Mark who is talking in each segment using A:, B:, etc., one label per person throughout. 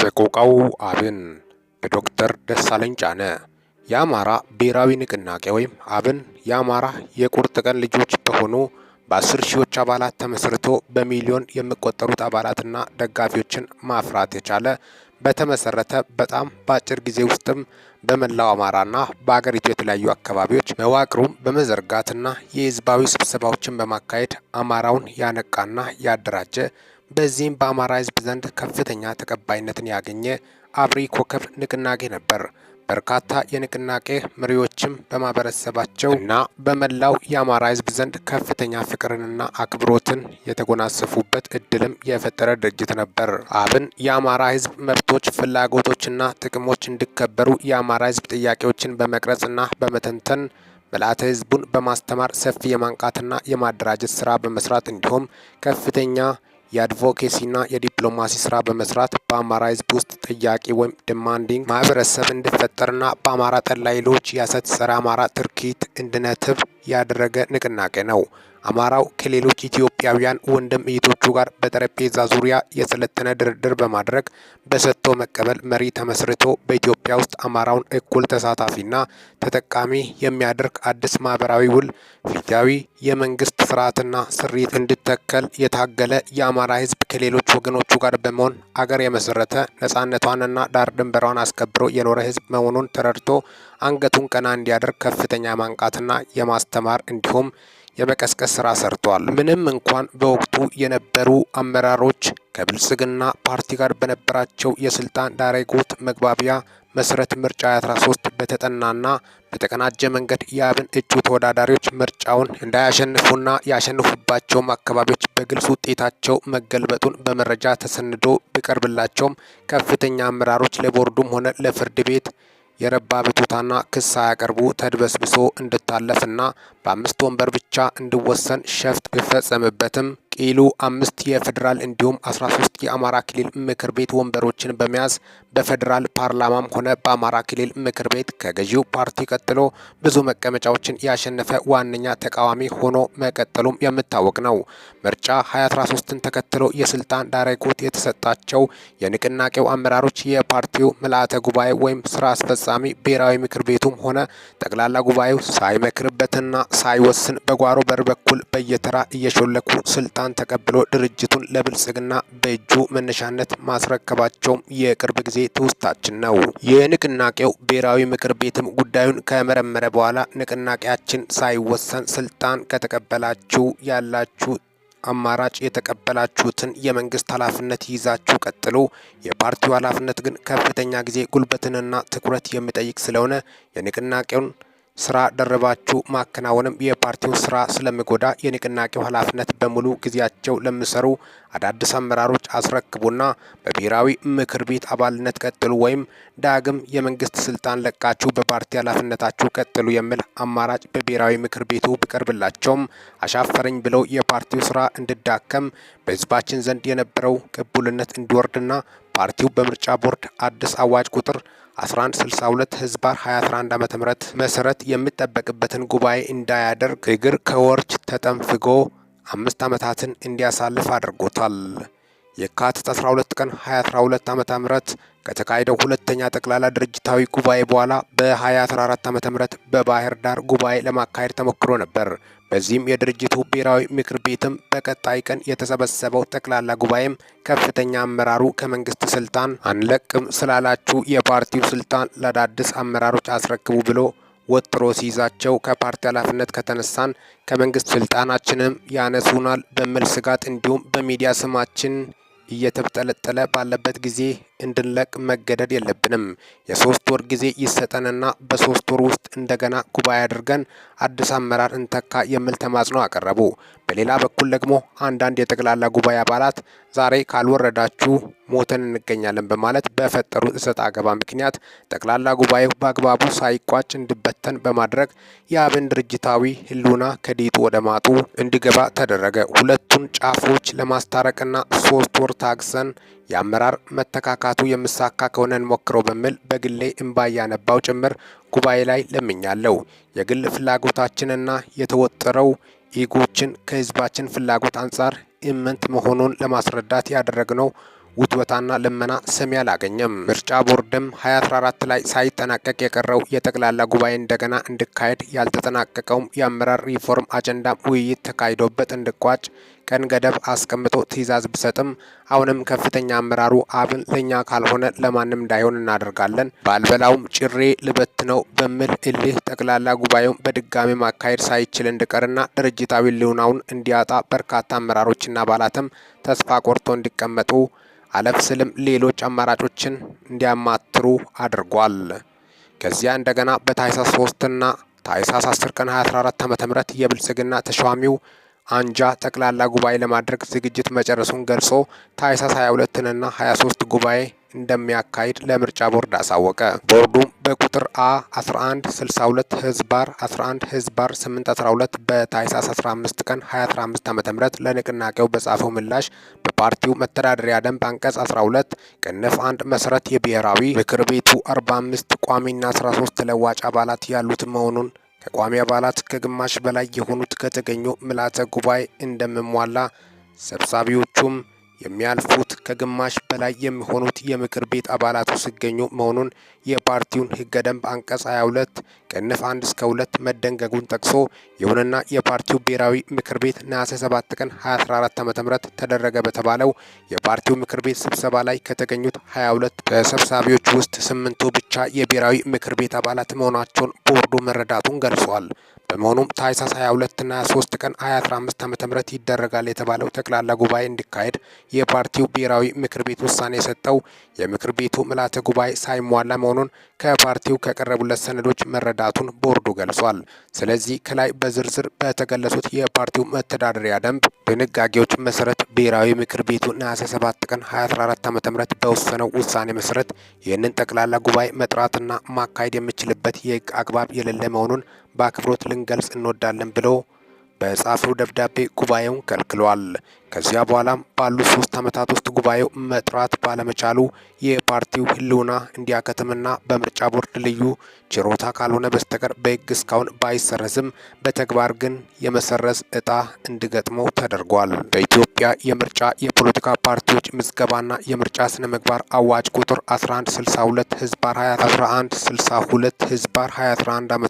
A: ሰቆቃው አብን በዶክተር ደሳለኝ ጫነ የአማራ ብሔራዊ ንቅናቄ ወይም አብን የአማራ የቁርጥ ቀን ልጆች በሆኑ በአስር ሺዎች አባላት ተመስርቶ በሚሊዮን የሚቆጠሩት አባላትና ደጋፊዎችን ማፍራት የቻለ በተመሰረተ በጣም በአጭር ጊዜ ውስጥም በመላው አማራና በአገሪቱ የተለያዩ አካባቢዎች መዋቅሩን በመዘርጋትና የህዝባዊ ስብሰባዎችን በማካሄድ አማራውን ያነቃና ያደራጀ በዚህም በአማራ ህዝብ ዘንድ ከፍተኛ ተቀባይነትን ያገኘ አብሪ ኮከብ ንቅናቄ ነበር። በርካታ የንቅናቄ መሪዎችም በማህበረሰባቸው እና በመላው የአማራ ህዝብ ዘንድ ከፍተኛ ፍቅርንና አክብሮትን የተጎናሰፉበት እድልም የፈጠረ ድርጅት ነበር። አብን የአማራ ህዝብ መብቶች፣ ፍላጎቶችና ጥቅሞች እንዲከበሩ የአማራ ህዝብ ጥያቄዎችን በመቅረጽና በመተንተን ምልአተ ህዝቡን በማስተማር ሰፊ የማንቃትና የማደራጀት ስራ በመስራት እንዲሁም ከፍተኛ የአድቮኬሲና የዲፕሎማሲ ስራ በመስራት በአማራ ህዝብ ውስጥ ጥያቄ ወይም ዲማንዲንግ ማህበረሰብ እንዲፈጠርና በአማራ ጠላ ኃይሎች ጸረ አማራ ትርኪት እንድነትብ ያደረገ ንቅናቄ ነው። አማራው ከሌሎች ኢትዮጵያውያን ወንድም እህቶቹ ጋር በጠረጴዛ ዙሪያ የሰለጠነ ድርድር በማድረግ በሰጥቶ መቀበል መሪ ተመስርቶ በኢትዮጵያ ውስጥ አማራውን እኩል ተሳታፊና ተጠቃሚ የሚያደርግ አዲስ ማህበራዊ ውል ፍትሐዊ የመንግስት ስርዓትና ስሪት እንዲተከል የታገለ የአማራ ህዝብ ከሌሎች ወገኖቹ ጋር በመሆን አገር የመሰረተ ነጻነቷንና ዳር ድንበሯን አስከብሮ የኖረ ህዝብ መሆኑን ተረድቶ አንገቱን ቀና እንዲያደርግ ከፍተኛ ማንቃትና የማስተማር እንዲሁም የመቀስቀስ ስራ ሰርተዋል። ምንም እንኳን በወቅቱ የነበሩ አመራሮች ከብልጽግና ፓርቲ ጋር በነበራቸው የስልጣን ዳረጎት መግባቢያ መሰረት ምርጫ 13 በተጠናና በተቀናጀ መንገድ የአብን እጩ ተወዳዳሪዎች ምርጫውን እንዳያሸንፉና ያሸንፉባቸውም አካባቢዎች በግልጽ ውጤታቸው መገልበጡን በመረጃ ተሰንዶ ቢቀርብላቸውም ከፍተኛ አመራሮች ለቦርዱም ሆነ ለፍርድ ቤት የረባ ብቱታና ክስ ሳያቀርቡ ተድበስብሶ እንድታለፍና በአምስት ወንበር ብቻ እንድወሰን ሸፍጥ ቢፈጸምበትም ኃይሉ አምስት የፌዴራል እንዲሁም 13 የአማራ ክልል ምክር ቤት ወንበሮችን በመያዝ በፌዴራል ፓርላማም ሆነ በአማራ ክልል ምክር ቤት ከገዢው ፓርቲ ቀጥሎ ብዙ መቀመጫዎችን ያሸነፈ ዋነኛ ተቃዋሚ ሆኖ መቀጠሉም የሚታወቅ ነው። ምርጫ 2013ን ተከትሎ የስልጣን ዳረጎት የተሰጣቸው የንቅናቄው አመራሮች የፓርቲው ምልአተ ጉባኤ ወይም ስራ አስፈጻሚ ብሔራዊ ምክር ቤቱም ሆነ ጠቅላላ ጉባኤው ሳይመክርበትና ሳይወስን በጓሮ በር በኩል በየተራ እየሾለኩ ስልጣን ስልጣን ተቀብሎ ድርጅቱን ለብልጽግና በእጁ መነሻነት ማስረከባቸውም የቅርብ ጊዜ ትውስታችን ነው። የንቅናቄው ብሔራዊ ምክር ቤትም ጉዳዩን ከመረመረ በኋላ ንቅናቄያችን ሳይወሰን ስልጣን ከተቀበላችሁ ያላችሁ አማራጭ የተቀበላችሁትን የመንግስት ኃላፊነት ይዛችሁ ቀጥሉ። የፓርቲው ኃላፊነት ግን ከፍተኛ ጊዜ ጉልበትንና ትኩረት የሚጠይቅ ስለሆነ የንቅናቄውን ስራ ደረባችሁ ማከናወንም የፓርቲው ስራ ስለሚጎዳ የንቅናቄው ኃላፊነት በሙሉ ጊዜያቸው ለሚሰሩ አዳዲስ አመራሮች አስረክቡና በብሔራዊ ምክር ቤት አባልነት ቀጥሉ ወይም ዳግም የመንግስት ስልጣን ለቃችሁ በፓርቲ ኃላፊነታችሁ ቀጥሉ የሚል አማራጭ በብሔራዊ ምክር ቤቱ ቢቀርብላቸውም አሻፈረኝ ብለው የፓርቲው ስራ እንዲዳከም በህዝባችን ዘንድ የነበረው ቅቡልነት እንዲወርድና ፓርቲው በምርጫ ቦርድ አዲስ አዋጅ ቁጥር 1162 ህዝባር 2011 ዓ ም መሰረት የሚጠበቅበትን ጉባኤ እንዳያደርግ እግር ከወርች ተጠንፍጎ አምስት ዓመታትን እንዲያሳልፍ አድርጎታል። የካቲት 12 ቀን 2012 ዓ ም ከተካሄደው ሁለተኛ ጠቅላላ ድርጅታዊ ጉባኤ በኋላ በ2014 ዓ ም በባህር ዳር ጉባኤ ለማካሄድ ተሞክሮ ነበር። በዚህም የድርጅቱ ብሔራዊ ምክር ቤትም በቀጣይ ቀን የተሰበሰበው ጠቅላላ ጉባኤም ከፍተኛ አመራሩ ከመንግስት ስልጣን አንለቅም ስላላችሁ የፓርቲው ስልጣን ለአዳዲስ አመራሮች አስረክቡ ብሎ ወጥሮ ሲይዛቸው ከፓርቲ ኃላፊነት ከተነሳን ከመንግስት ስልጣናችንም ያነሱናል በሚል ስጋት እንዲሁም በሚዲያ ስማችን እየተብጠለጠለ ባለበት ጊዜ እንድንለቅ መገደድ የለብንም። የሶስት ወር ጊዜ ይሰጠንና በሶስት ወር ውስጥ እንደገና ጉባኤ አድርገን አዲስ አመራር እንተካ የሚል ተማጽኖ አቀረቡ። በሌላ በኩል ደግሞ አንዳንድ የጠቅላላ ጉባኤ አባላት ዛሬ ካልወረዳችሁ ሞተን እንገኛለን በማለት በፈጠሩት እሰጥ አገባ ምክንያት ጠቅላላ ጉባኤው በአግባቡ ሳይቋጭ እንዲበተን በማድረግ የአብን ድርጅታዊ ህልውና ከዲጡ ወደ ማጡ እንዲገባ ተደረገ። ሁለቱን ጫፎች ለማስታረቅና ሶስት ወር ታግሰን የአመራር መተካካቱ የምሳካ ከሆነ እንሞክረው በሚል በግሌ እምባ እያነባው ጭምር ጉባኤ ላይ ለምኛለሁ። የግል ፍላጎታችንና የተወጠረው ኢጎችን ከህዝባችን ፍላጎት አንጻር እምንት መሆኑን ለማስረዳት ያደረግነው ውትወታና ልመና ሰሚ አላገኘም። ምርጫ ቦርድም 2014 ላይ ሳይጠናቀቅ የቀረው የጠቅላላ ጉባኤ እንደገና እንዲካሄድ ያልተጠናቀቀውም የአመራር ሪፎርም አጀንዳም ውይይት ተካሂዶበት እንዲቋጭ ቀን ገደብ አስቀምጦ ትዕዛዝ ቢሰጥም አሁንም ከፍተኛ አመራሩ አብን ለኛ ካልሆነ ለማንም እንዳይሆን እናደርጋለን ባልበላውም ጭሬ ልበት ነው በሚል እልህ ጠቅላላ ጉባኤውን በድጋሚ ማካሄድ ሳይችል እንዲቀርና ድርጅታዊ ልውናውን እንዲያጣ በርካታ አመራሮችና አባላትም ተስፋ ቆርቶ እንዲቀመጡ አለፍ ስልም ሌሎች አማራጮችን እንዲያማትሩ አድርጓል። ከዚያ እንደገና በታህሳስ 3ና ታህሳስ 10 ቀን 2014 ዓ.ም ተመረት የብልጽግና ተሿሚው አንጃ ጠቅላላ ጉባኤ ለማድረግ ዝግጅት መጨረሱን ገልጾ ታህሳስ 22ንና 23 ጉባኤ እንደሚያካሂድ ለምርጫ ቦርድ አሳወቀ። ቦርዱም በቁጥር አ 11 62 ህዝባር 11 ህዝባር 812 በታህሳስ 15 ቀን 2015 ዓ.ም ለንቅናቄው በጻፈው ምላሽ በፓርቲው መተዳደሪያ ደንብ አንቀጽ 12 ቅንፍ 1 መሰረት የብሔራዊ ምክር ቤቱ 45 ቋሚና 13 ተለዋጭ አባላት ያሉት መሆኑን ከቋሚ አባላት ከግማሽ በላይ የሆኑት ከተገኙ ምልዓተ ጉባኤ እንደሚሟላ ሰብሳቢዎቹም የሚያልፉት ከግማሽ በላይ የሚሆኑት የምክር ቤት አባላቱ ሲገኙ መሆኑን የፓርቲውን ህገ ደንብ አንቀጽ 22 ቅንፍ 1 እስከ 2 መደንገጉን ጠቅሶ ይሁንና የፓርቲው ብሔራዊ ምክር ቤት ነሐሴ 7 ቀን 2014 ዓ.ም ተደረገ በተባለው የፓርቲው ምክር ቤት ስብሰባ ላይ ከተገኙት 22 ተሰብሳቢዎች ውስጥ ስምንቱ ብቻ የብሔራዊ ምክር ቤት አባላት መሆናቸውን ቦርዱ መረዳቱን ገልጿል። በመሆኑም ታህሳስ 22 ና 3 ቀን 2015 ዓ ም ይደረጋል የተባለው ጠቅላላ ጉባኤ እንዲካሄድ የፓርቲው ብሔራዊ ምክር ቤት ውሳኔ የሰጠው የምክር ቤቱ ምልዓተ ጉባኤ ሳይሟላ መሆኑን ከፓርቲው ከቀረቡለት ሰነዶች መረዳቱን ቦርዱ ገልጿል። ስለዚህ ከላይ በዝርዝር በተገለጹት የፓርቲው መተዳደሪያ ደንብ ድንጋጌዎች መሰረት ብሔራዊ ምክር ቤቱ ነሐሴ 7 ቀን 2014 .ም በወሰነው ውሳኔ መሰረት ይህንን ጠቅላላ ጉባኤ መጥራትና ማካሄድ የምችልበት የህግ አግባብ የሌለ መሆኑን በአክብሮት ልንገልጽ እንወዳለን ብለው በጻፈው ደብዳቤ ጉባኤውን ከልክሏል። ከዚያ በኋላም ባሉ ሶስት ዓመታት ውስጥ ጉባኤው መጥራት ባለመቻሉ የፓርቲው ህልውና እንዲያከትምና በምርጫ ቦርድ ልዩ ችሮታ ካልሆነ በስተቀር በህግ እስካሁን ባይሰረዝም በተግባር ግን የመሰረዝ እጣ እንዲገጥመው ተደርጓል። በኢትዮጵያ የምርጫ የፖለቲካ ፓርቲዎች ምዝገባና የምርጫ ስነ ምግባር አዋጅ ቁጥር 1162 ህዝባር 1162 ህዝባር 2011 ዓ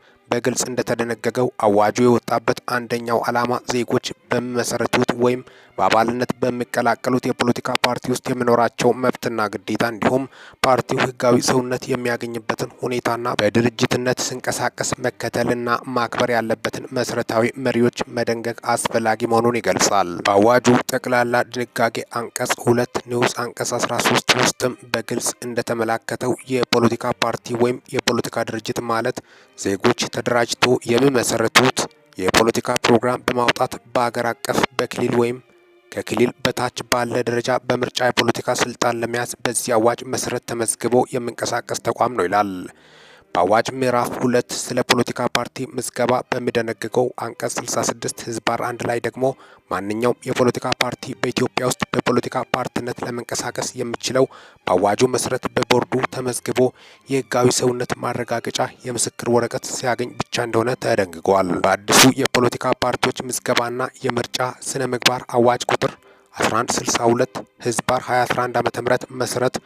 A: ም በግልጽ እንደተደነገገው አዋጁ የወጣበት አንደኛው ዓላማ ዜጎች በሚመሰረቱት ወይም በአባልነት በሚቀላቀሉት የፖለቲካ ፓርቲ ውስጥ የሚኖራቸው መብትና ግዴታ እንዲሁም ፓርቲው ህጋዊ ሰውነት የሚያገኝበትን ሁኔታና በድርጅትነት ሲንቀሳቀስ መከተልና ማክበር ያለበትን መሰረታዊ መሪዎች መደንገግ አስፈላጊ መሆኑን ይገልጻል። በአዋጁ ጠቅላላ ድንጋጌ አንቀጽ ሁለት ንዑስ አንቀጽ 13 ውስጥም በግልጽ እንደተመላከተው የፖለቲካ ፓርቲ ወይም የፖለቲካ ድርጅት ማለት ዜጎች ተደራጅቶ የሚመሰረቱት የፖለቲካ ፕሮግራም በማውጣት በአገር አቀፍ በክልል ወይም ከክልል በታች ባለ ደረጃ በምርጫ የፖለቲካ ስልጣን ለመያዝ በዚህ አዋጅ መሰረት ተመዝግቦ የሚንቀሳቀስ ተቋም ነው ይላል። በአዋጅ ምዕራፍ ሁለት ስለ ፖለቲካ ፓርቲ ምዝገባ በሚደነግገው አንቀጽ 66 ህዝባር አንድ ላይ ደግሞ ማንኛውም የፖለቲካ ፓርቲ በኢትዮጵያ ውስጥ በፖለቲካ ፓርቲነት ለመንቀሳቀስ የሚችለው በአዋጁ መሰረት በቦርዱ ተመዝግቦ የህጋዊ ሰውነት ማረጋገጫ የምስክር ወረቀት ሲያገኝ ብቻ እንደሆነ ተደንግጓል። በአዲሱ የፖለቲካ ፓርቲዎች ምዝገባና የምርጫ ስነ ምግባር አዋጅ ቁጥር 1162 ህዝባር 2011 ዓ ም መሰረት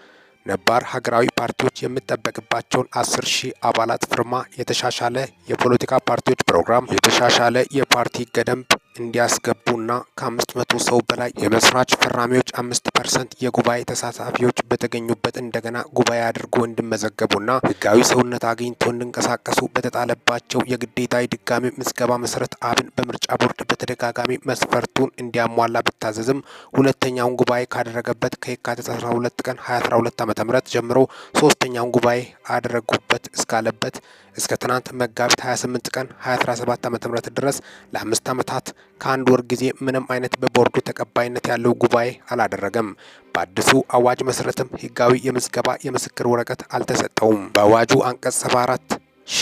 A: ነባር ሀገራዊ ፓርቲዎች የምጠበቅባቸውን አስር ሺህ አባላት ፍርማ፣ የተሻሻለ የፖለቲካ ፓርቲዎች ፕሮግራም፣ የተሻሻለ የፓርቲ ህገ ደንብ እንዲያስገቡና ከአምስት መቶ ሰው በላይ የመስራች ፈራሚዎች አምስት ፐርሰንት የጉባኤ ተሳታፊዎች በተገኙበት እንደገና ጉባኤ አድርጎ እንዲመዘገቡና ህጋዊ ሰውነት አግኝቶ እንዲንቀሳቀሱ በተጣለባቸው የግዴታ የድጋሚ ምዝገባ መሰረት አብን በምርጫ ቦርድ በተደጋጋሚ መስፈርቱን እንዲያሟላ ብታዘዝም ሁለተኛውን ጉባኤ ካደረገበት ከየካቲት 12 ቀን 2012 ዓ ም ጀምሮ ሶስተኛውን ጉባኤ አደረጉበት እስካለበት እስከ ትናንት መጋቢት 28 ቀን 2017 ዓ ም ድረስ ለአምስት ዓመታት ከአንድ ወር ጊዜ ምንም አይነት በቦርዱ ተቀባይነት ያለው ጉባኤ አላደረገም። በአዲሱ አዋጅ መሰረትም ህጋዊ የምዝገባ የምስክር ወረቀት አልተሰጠውም። በአዋጁ አንቀጽ 74 ሼ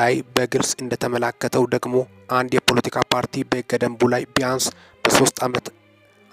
A: ላይ በግልጽ እንደተመላከተው ደግሞ አንድ የፖለቲካ ፓርቲ በህገ ደንቡ ላይ ቢያንስ በሶስት ዓመት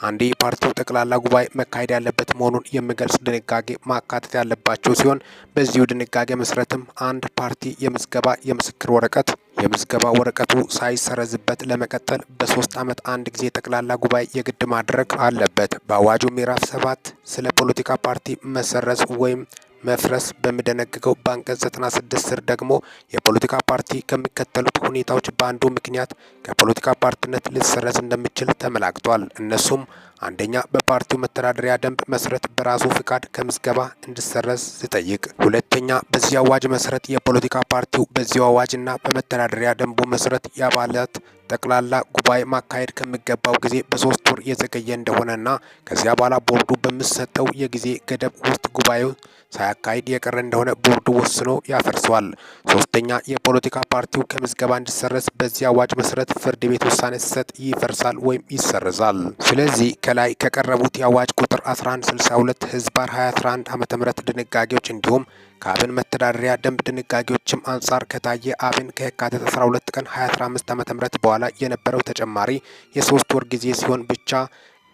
A: አንድ የፓርቲው ጠቅላላ ጉባኤ መካሄድ ያለበት መሆኑን የሚገልጽ ድንጋጌ ማካተት ያለባቸው ሲሆን በዚሁ ድንጋጌ መሰረትም አንድ ፓርቲ የምዝገባ የምስክር ወረቀት የምዝገባ ወረቀቱ ሳይሰረዝበት ለመቀጠል በሶስት ዓመት አንድ ጊዜ ጠቅላላ ጉባኤ የግድ ማድረግ አለበት። በአዋጁ ምዕራፍ ሰባት ስለ ፖለቲካ ፓርቲ መሰረዝ ወይም መፍረስ በሚደነግገው በአንቀጽ 96 ስር ደግሞ የፖለቲካ ፓርቲ ከሚከተሉት ሁኔታዎች በአንዱ ምክንያት ከፖለቲካ ፓርቲነት ሊሰረዝ እንደሚችል ተመላክቷል። እነሱም አንደኛ በፓርቲው መተዳደሪያ ደንብ መሰረት በራሱ ፍቃድ ከምዝገባ እንዲሰረዝ ሲጠይቅ፣ ሁለተኛ በዚህ አዋጅ መሰረት የፖለቲካ ፓርቲው በዚሁ አዋጅና በመተዳደሪያ ደንቡ መሰረት የአባላት ጠቅላላ ጉባኤ ማካሄድ ከሚገባው ጊዜ በሶስት ወር የዘገየ እንደሆነና ከዚያ በኋላ ቦርዱ በሚሰጠው የጊዜ ገደብ ውስጥ ጉባኤው ሳያካሂድ የቀረ እንደሆነ ቦርዱ ወስኖ ያፈርሰዋል። ሶስተኛ የፖለቲካ ፓርቲው ከምዝገባ እንዲሰረዝ በዚህ አዋጅ መሰረት ፍርድ ቤት ውሳኔ ሲሰጥ ይፈርሳል ወይም ይሰረዛል። ስለዚህ ከላይ ከቀረቡት የአዋጅ ቁጥር 1162 ህዝባር 2011 ዓ ም ድንጋጌዎች እንዲሁም ከአብን መተዳደሪያ ደንብ ድንጋጌዎችም አንጻር ከታየ አብን ከየካቲት 12 ቀን 2015 ዓ ም በኋላ የነበረው ተጨማሪ የሶስት ወር ጊዜ ሲሆን ብቻ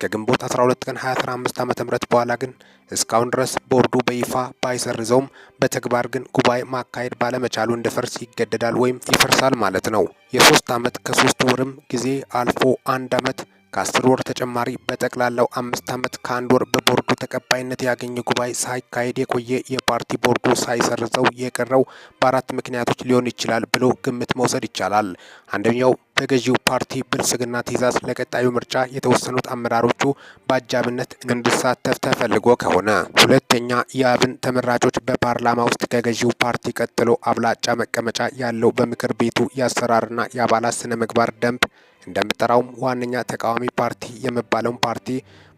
A: ከግንቦት 12 ቀን 2015 ም በኋላ ግን እስካሁን ድረስ ቦርዱ በይፋ ባይሰርዘውም በተግባር ግን ጉባኤ ማካሄድ ባለመቻሉ እንዲፈርስ ይገደዳል ወይም ይፈርሳል ማለት ነው። የሶስት ዓመት ከሶስት ወርም ጊዜ አልፎ አንድ ዓመት ከአስር ወር ተጨማሪ በጠቅላላው አምስት ዓመት ከአንድ ወር በቦርዱ ተቀባይነት ያገኘ ጉባኤ ሳይካሄድ የቆየ የፓርቲ ቦርዱ ሳይሰርዘው የቀረው በአራት ምክንያቶች ሊሆን ይችላል ብሎ ግምት መውሰድ ይቻላል። አንደኛው በገዢው ፓርቲ ብልጽግና ትዕዛዝ ለቀጣዩ ምርጫ የተወሰኑት አመራሮቹ በአጃብነት እንድሳተፍ ተፈልጎ ከሆነ፣ ሁለተኛ የአብን ተመራጮች በፓርላማ ውስጥ ከገዢው ፓርቲ ቀጥሎ አብላጫ መቀመጫ ያለው በምክር ቤቱ የአሰራርና የአባላት ስነ ምግባር ደንብ እንደምጠራውም ዋነኛ ተቃዋሚ ፓርቲ የሚባለውን ፓርቲ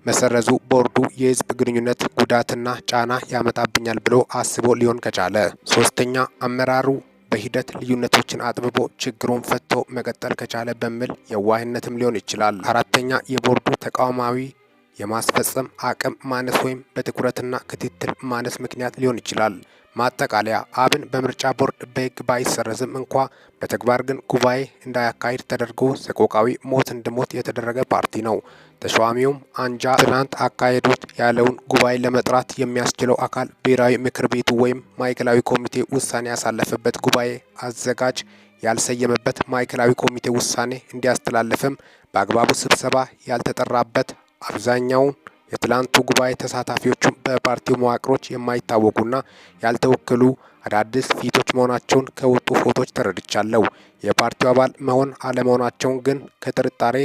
A: መሰረዙ ቦርዱ የህዝብ ግንኙነት ጉዳትና ጫና ያመጣብኛል ብሎ አስቦ ሊሆን ከቻለ፣ ሶስተኛ አመራሩ በሂደት ልዩነቶችን አጥብቦ ችግሩን ፈቶ መቀጠል ከቻለ በሚል የዋህነትም ሊሆን ይችላል። አራተኛ የቦርዱ ተቃዋማዊ የማስፈጸም አቅም ማነስ ወይም በትኩረትና ክትትል ማነስ ምክንያት ሊሆን ይችላል። ማጠቃለያ፣ አብን በምርጫ ቦርድ በሕግ ባይሰረዝም እንኳ በተግባር ግን ጉባኤ እንዳያካሂድ ተደርጎ ሰቆቃዊ ሞት እንዲሞት የተደረገ ፓርቲ ነው። ተሿሚውም አንጃ ትናንት አካሄዱት ያለውን ጉባኤ ለመጥራት የሚያስችለው አካል ብሔራዊ ምክር ቤቱ ወይም ማዕከላዊ ኮሚቴ ውሳኔ ያሳለፈበት ጉባኤ አዘጋጅ ያልሰየመበት ማዕከላዊ ኮሚቴ ውሳኔ እንዲያስተላለፍም በአግባቡ ስብሰባ ያልተጠራበት አብዛኛውን የትላንቱ ጉባኤ ተሳታፊዎቹ በፓርቲው መዋቅሮች የማይታወቁና ያልተወከሉ አዳዲስ ፊቶች መሆናቸውን ከወጡ ፎቶች ተረድቻለሁ። የፓርቲው አባል መሆን አለመሆናቸውን ግን ከጥርጣሬ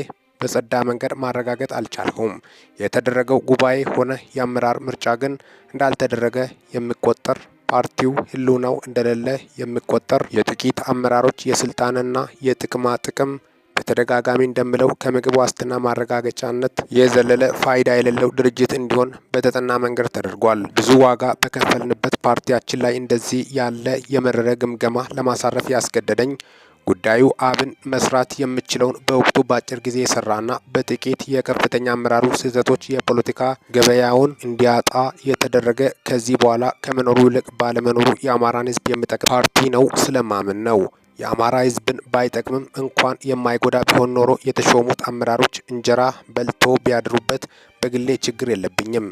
A: በጸዳ መንገድ ማረጋገጥ አልቻልሁም። የተደረገው ጉባኤ ሆነ የአመራር ምርጫ ግን እንዳልተደረገ የሚቆጠር ፓርቲው ህልውናው እንደሌለ የሚቆጠር የጥቂት አመራሮች የስልጣንና የጥቅማ ጥቅም በተደጋጋሚ እንደምለው ከምግብ ዋስትና ማረጋገጫነት የዘለለ ፋይዳ የሌለው ድርጅት እንዲሆን በተጠና መንገድ ተደርጓል። ብዙ ዋጋ በከፈልንበት ፓርቲያችን ላይ እንደዚህ ያለ የመረረ ግምገማ ለማሳረፍ ያስገደደኝ ጉዳዩ አብን መስራት የምችለውን በወቅቱ በአጭር ጊዜ የሰራና በጥቂት የከፍተኛ አመራሩ ስህተቶች የፖለቲካ ገበያውን እንዲያጣ የተደረገ ከዚህ በኋላ ከመኖሩ ይልቅ ባለመኖሩ የአማራን ሕዝብ የሚጠቅም ፓርቲ ነው ስለማምን ነው። የአማራ ህዝብን ባይጠቅምም እንኳን የማይጎዳ ቢሆን ኖሮ የተሾሙት አመራሮች እንጀራ በልቶ ቢያድሩበት በግሌ ችግር የለብኝም።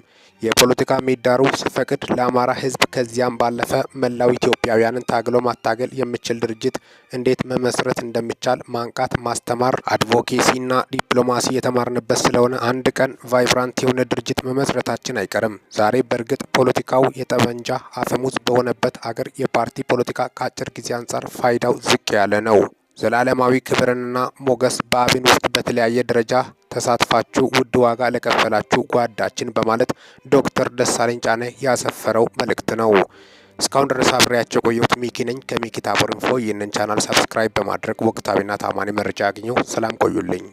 A: የፖለቲካ ምህዳሩ ስፈቅድ ለአማራ ህዝብ ከዚያም ባለፈ መላው ኢትዮጵያውያንን ታግሎ ማታገል የሚችል ድርጅት እንዴት መመስረት እንደሚቻል ማንቃት፣ ማስተማር፣ አድቮኬሲና ዲፕሎማሲ የተማርንበት ስለሆነ አንድ ቀን ቫይብራንት የሆነ ድርጅት መመስረታችን አይቀርም። ዛሬ በእርግጥ ፖለቲካው የጠመንጃ አፈሙዝ በሆነበት አገር የፓርቲ ፖለቲካ ከአጭር ጊዜ አንጻር ፋይዳው ዝቅ ያለ ነው። ዘላለማዊ ክብርንና ሞገስ በአብን ውስጥ በተለያየ ደረጃ ተሳትፋችሁ ውድ ዋጋ ለከፈላችሁ ጓዳችን በማለት ዶክተር ደሳለኝ ጫነ ያሰፈረው መልእክት ነው። እስካሁን ድረስ አብሬያቸው የቆየሁት ሚኪ ነኝ ከሚኪ ታቦር ኢንፎ። ይህንን ቻናል ሰብስክራይብ በማድረግ ወቅታዊና ታማኒ መረጃ ያግኘው። ሰላም ቆዩልኝ።